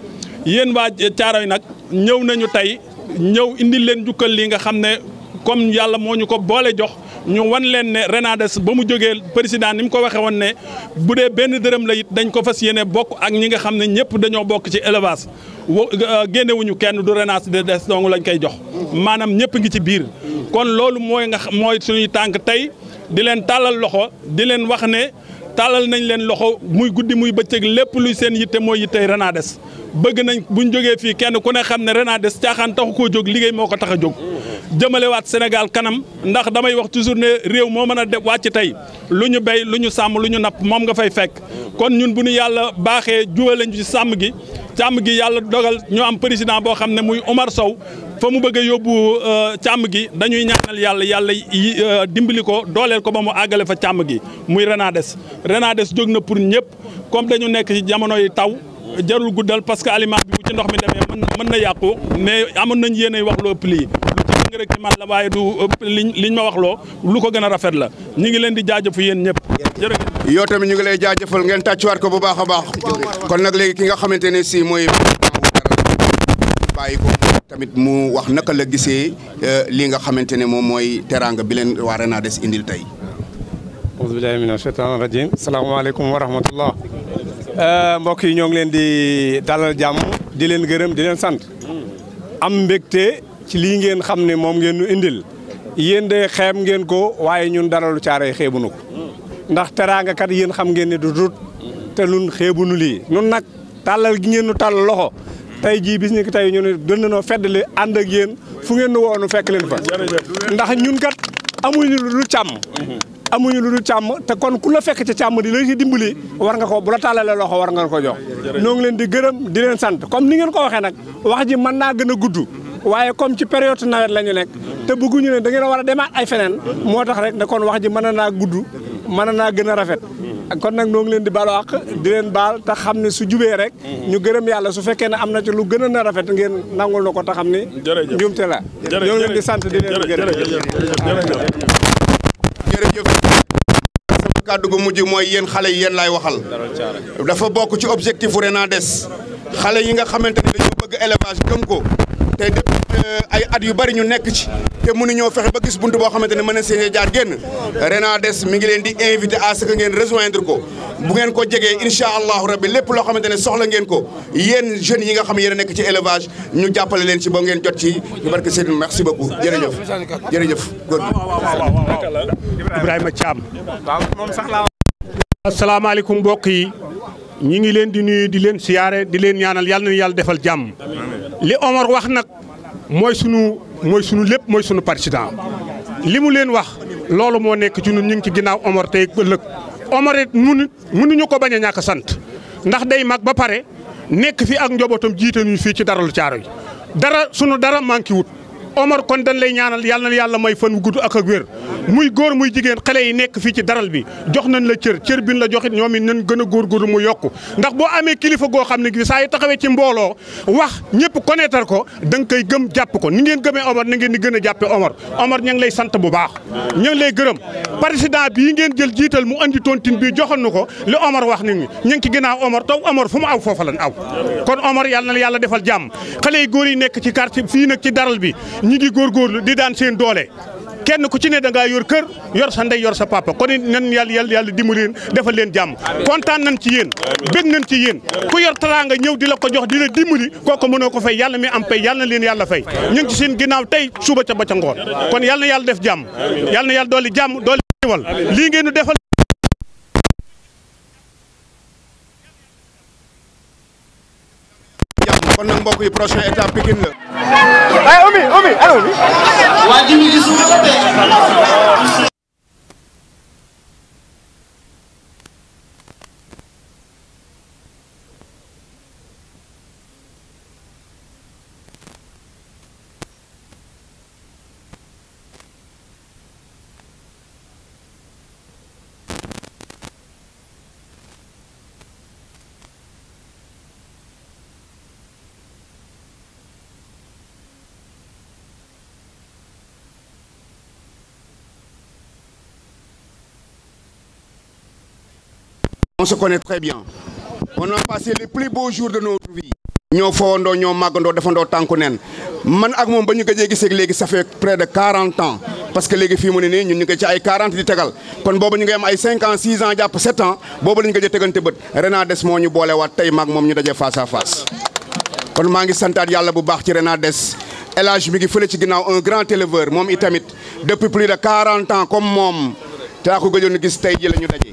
yéen waa yi nag ñëw nañu tey ñëw indi leen jukkal lii nga xam ne comme yàlla moo ñu ko boole jox ñu wan leen ne des ba mu jógee président ni mu ko waxee woon ne bu dee benn dërëm la it dañ ko fas yéene bokk ak ñi nga xam ne ñëpp dañoo bokk ci élevage Euh, génnewuñu kenn du RENAS de des dong lañ koy jox maanaam ñëpp ngi ci biir kon loolu mooy nga xam mooy suñuy tànk tey di leen tàllal loxo di leen wax ne tàllal nañ leen loxo muy guddi muy bëccëg lépp luy seen yitte mooy yitte des bëgg nañ ñu jógee fii kenn ku ne xam ne des caaxaan taxu koo jóg liggéey moo ko tax a jóg jëmalewaat Sénégal kanam ndax damay wax toujours ne réew moo mën a de wàcc tey lu ñu béy lu ñu sàmm lu ñu napp moom nga fay fekk kon ñun bu ñu yàlla baaxee jubale ñu sàmm gi càmm gi yàlla dogal ñu am président boo xam ne muy Omar Sow fa mu bëgg a yóbbu euh, càmm gi dañuy ñaanal yàlla yàlla euh, dimbali ko dooleel ko ba mu àggale fa càmm gi muy Renades Renades jóg na pour ñëpp comme dañu nekk ci jamono yi taw jarul guddal parce que aliment bi bu ci ndox mi demee mën mën na yàqu mais amoon nañ yéenay wax lu ëpp lii lu ci dëng rek ci man la waaye du liñ liñ ma wax loo lu ko gën a rafet la ñu ngi leen di jaajëfu yéen ñëpp jërëjëf yow tamit ñu ngi lay jaajëfal ngeen tàccuwaat ko bu baax a baax kon nag léegi ki nga xamante ne si mooy bàyyi ko tamit mu wax naka la gisee euh, li nga xamante ne moom mooy teraanga bi leen waa RENADES indil tey aouzu billahi mina shaytaani rajim salaamaaleykum wa Euh, mbokk yi ñoo ngi leen di dalal jàmm di leen gërëm di leen sant am mbégte ci lii ngeen xam ne moom ngeen nu indil yéen de xeeb ngeen ko waaye ñun dara lu caare xeebunu ko ndax teraanga kat yéen xam ngeen ne du dut te lun xeebunu lii nun nag tàllal gi ngeen nu tàll loxo tey jii bis ni ko tey ñu ne dënd noo feddali ànd ak fu ngeen nu woonu fekk leen fa ndax ñun kat amuñu lu càmm amuñu lu dul càmm te kon ku la fekk ci càmm di la ci dimbali war nga ko bu la tàllalee loxo war nga ko jox ñoo ngi leen di gërëm di leen sant comme ni ngeen ko waxee nag wax ji mën naa gën a gudd waaye comme ci période nawet la ñu nekk te bëgguñu ne da a war a demaat ay feneen moo tax rek ne kon wax ji mën naa gudd mën naa gën a rafet kon nag ñoo ngi leen di baalu àq di leen baal tax xam ne su jubee rek ñu gërëm yàlla su fekkee ne am na ci lu gën a na rafet ngeen nangul na ko te xam ni njuumte la ñoo ngi leen di sant di leen gërëm jóg sama kàddu gu mujj mooy yéen xale yi yéen laay waxal dafa bokk ci objectif u des xale yi nga xamante ni dañoo bëgg élevage gëm ko te depuis euh, ay at yu bari ñu nekk ci te nu mënuñoo fexe ba gis bunt boo xamante ne mën na see jaar génn Renades mi ngi leen di invité à ce que ngeen rejoindre ko bu ngeen ko jegee incha allahu rabbi lépp loo xamante ne soxla ngeen ko yéen jeunes yi nga xam yéen a nekk ci élevage ñu jàppale leen ci ba ngeen jot ci ñu barke seen merci beaucoup jërëjëf jërëjëf góor Ibrahima Thiam. waaw moom sax laa. asalaamaaleykum mbokk yi. ñi ngi leen di nuyu di leen siyaare di leen yaanal yàlla nañu yàlla defal jàmm li Omar wax nag mooy sunu mooy sunu lépp mooy sunu président li mu leen wax loolu moo nekk ci nu ñu ci ginnaaw Omar tey ëllëg Omar it munu munuñu ko bañ a ñàkk sant ndax day mag ba pare nekk fi ak njobootam jiite ñu fii ci dara lu caaro yi dara sunu dara manqué wut. Omar kon dañ lay ñaanal yàlla yàlla may fan wu gudd ak ak wér muy góor muy jigéen xale yi nekk fii ci daral bi jox nañ la cër cër bi ñu la joxit ñoom it nañ gën góor góorgóorlu mu yokku ndax boo amee kilifa goo xam ne gi saa yu taxawee ci mbooloo wax ñëpp connaître ko da nga koy gëm jàpp ko ni ngeen gëmee Omar na ngeen di gën a jàppee Omar Omar ña lay sant bu baax ña lay gërëm président bii ngeen jël jiital mu andi tontine bii joxoon na ko li Omar wax nit ñi ñu ngi ci ginnaaw Omar taw Omar fu mu aw foofa lañ aw kon Omar yàlla na jàmm yi nekk ci quartier fii nag ci daral bi ñi ngi góorgóorlu di daan seen doole kenn ku ci ne da ngaa yor kër yor sa ndey yor sa papa kon nan yàlla yàlla yàlla dimbali leen defal leen jàmm kontaan nañ ci yéen bég nañ ci yéen ku yor taraanga ñëw di la ko jox di la dimbali kooku mënoo ko fay yàlla mi am pay yàlla na leen yàlla fay ñu ngi ci seen ginnaaw tey suba ca ba ca ngoon kon yàlla na yàlla def jàmm yàlla na yàlla dooli jàmm dooli wal defal kon nag mbokk yi prochain étape Pikine la. ay Oumy Oumy allo. waa On se connaît très bien. On a passé les plus beaux jours de notre vie. ñoo fowandoo ñoo magando defando tanku nen man ak mom bañu ñu ko légui ça fait près de 40 ans parce que légui fi mu ne ñun ñu ngi ci ay 40 di tégal kon boobu ñu ngi am ay 5 ans 6 ans japp 7 ans boobu lañu ñu ko jee tegante bët Rena Des moo ñu boolewaat tey maag ñu dajé face à face. kon ma ngi santat Yalla bu baax ci Rena Des El Hadj mi ngi fële ci ginnaaw un grand éleveur mom itamit depuis plus de 40 ans comme mom taa ko ñu gis tay ji la ñu daje.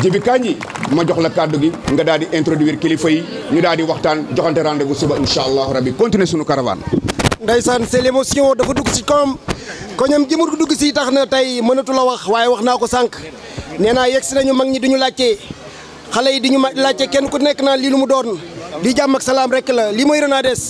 Jibi Kanji ma jox la kàddu gi nga daal di introduire kilifa yi ñu daal di waxtaan joxante rendez-vous suba incha allahu rabbi continuer sunu caravane. Ndeysaan c'est l'émotion dafa dugg si koom ko ñam ji mu dugg si tax na tey mënatul a wax waaye wax naa ko sànq nee naa yegg si nañu mag ñi duñu laajte xale yi di duñu laajte kenn ku nekk naa lii lu mu doon. di jàmm ak salaam rek la li mooy des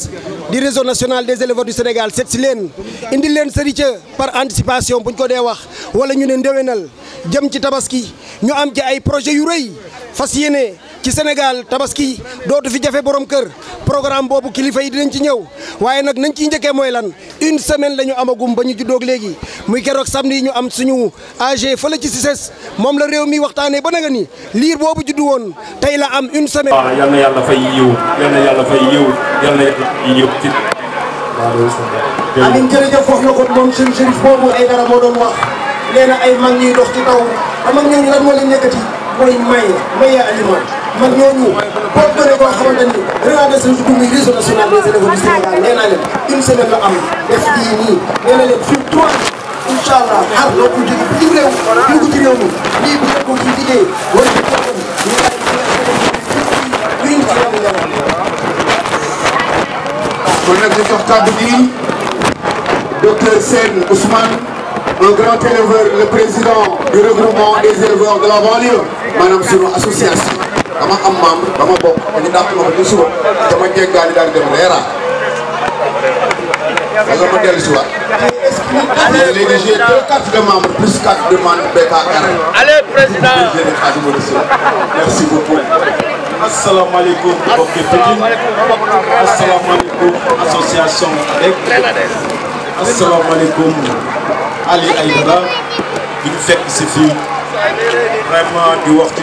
di réseau national des éleveurs du Sénégal seet si leen indi leen serite par bu buñ ko dee wax wala ñu ne ndéwénal jëm ci tabaski ñu am ci ay projet yu rëy fas yéene ci Sénégal tabaski dootu fi jafé borom kër programme bobu kilifa yi dinañ ci ñëw waaye nak nañ ci ñëkke moy lan une semaine lañu amagum bañu ñu juddoog léegi muy kérok samedi ñu am suñu AG fele ci CICES mom la réew mi waxtaanee ba nga ni lire bobu juddu won tay la am une semaine. ah yalla yalla fay yiw yalla yalla fay yiw yalla na yàlla ci. amin Alioune jërëjëf wax na ko moom seen chérif boobu ay dara mo doon wax leena ay mag ñuy dox ci taw am ñu lan mo la yëkkati moy may maye aliment. man Ousmane grand éleveur le président du regroupement des éleveurs de la banlieue Madame association. dama am membre dama bokk dañu dàq ma ko ba suba dama jéggaani daal dem reera wala ma dellu si waat léegi deux cartes de membre plus carte de membre BKR allez président merci beaucoup association Ali Aïdara bi ñu fekk si fii vraiment di wax ci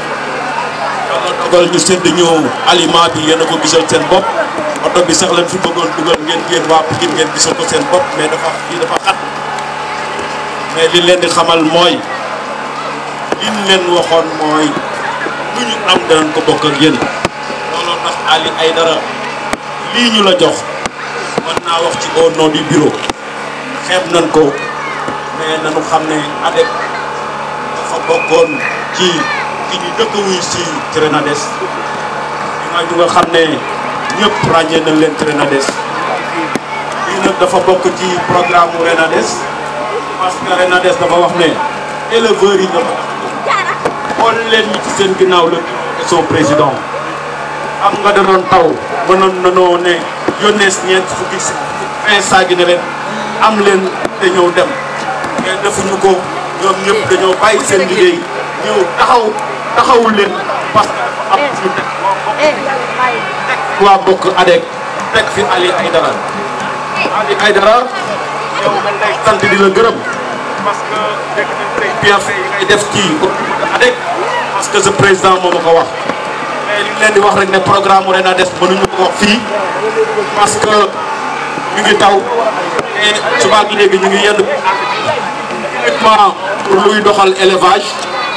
dogal ñu sedd ñu aliment bi yéen a ko gisal seen bopp oto bi sax lañ fi bëggoon dugal ngeen yéen waa Pikine ngeen gisal ko seen bopp mais dafa xat mais li leen di xamal mooy liñ leen waxoon mooy lu ñu am danañ ko bokk ak yéen looloo tax Ali Aïdara lii ñu la jox mën naa wax ci au nom du bureau xeeb nañ ko mais nañu xam ne avec dafa bokkoon ci ki ñu dëkk wuy si nga xam ne ñëpp ràññee leen Trinades lii dafa bokk ci programme mu Renades parce que Renades dafa wax ne éleveurs yi dafa xool leen ñi ci seen ginnaaw la son président am nga da doon taw mënoon nanoo ne yónnees ñeent fukki fin saagi ne leen am leen te ñëw dem mais defuñu ko ñoom ñëpp dañoo bàyyi seen liggéey ñëw taxaw taxawul leen parce que am eh. fi nekk eh, waa bokk ADEC nekk Ali Aydara Ali Aydara yow nga lay sant di la gërëm parce que nekk na tey bienfait yi ngay def ci ADEC parce que sa président moo ma ko wax mais li leen di wax rek ne programme mu Renades pas ko wax fii parce que ñu ngi taw et suba gi léegi ñu ngi yenn pour luy doxal élevage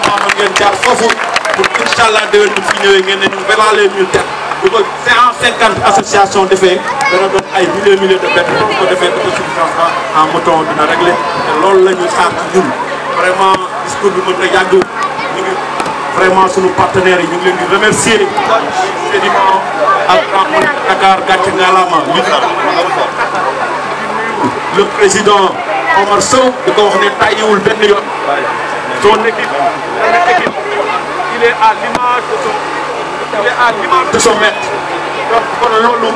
vraiment ngeen jaar foofu pour incha allah déwén bu fi ñëwee ngeen ne ñu vraiment leen ñu teg bu ko 150 association defee dana doon ay milliers milliers de bêtes bu ko defee autosuffisance en mouton dina régler. Et loolu la ñuy xaar ci vraiment discours bi mën na yàgg ñu ngi vraiment sunu partenaires yi ñu ngi leen di remercier sédiment ak Grand Dakar gàcce ngalaama ñu le président Omar Sow di ko wax ne tàyyiwul benn yoon son équipe, équipe, il est à l'image de son il est à l'image de son maître donc kon loolu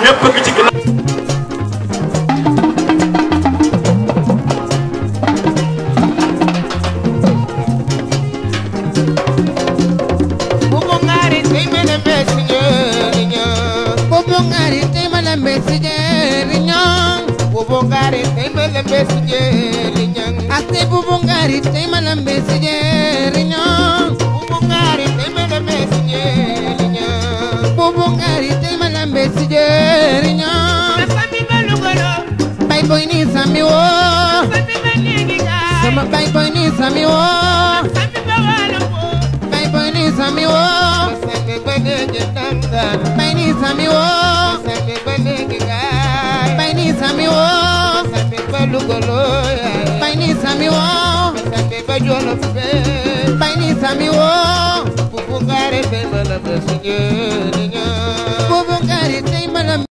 ñëpp a ngi ci gën Messi bubongari tay malam besije linyang ate bubongari tay malam besije linyang bubongari tay malam besije linyang bubongari tay malam besije linyang sami balugalo bay boy ni sami wo sami maniga sama bay boy ni sami wo sami bawalo bay boy ni sami wo sami bane sami wo sami bane samiwo sape balugolo bayini samiwo sape bajolo fe bayini samiwo bubungare fe malam sinye ninya bubungare fe malam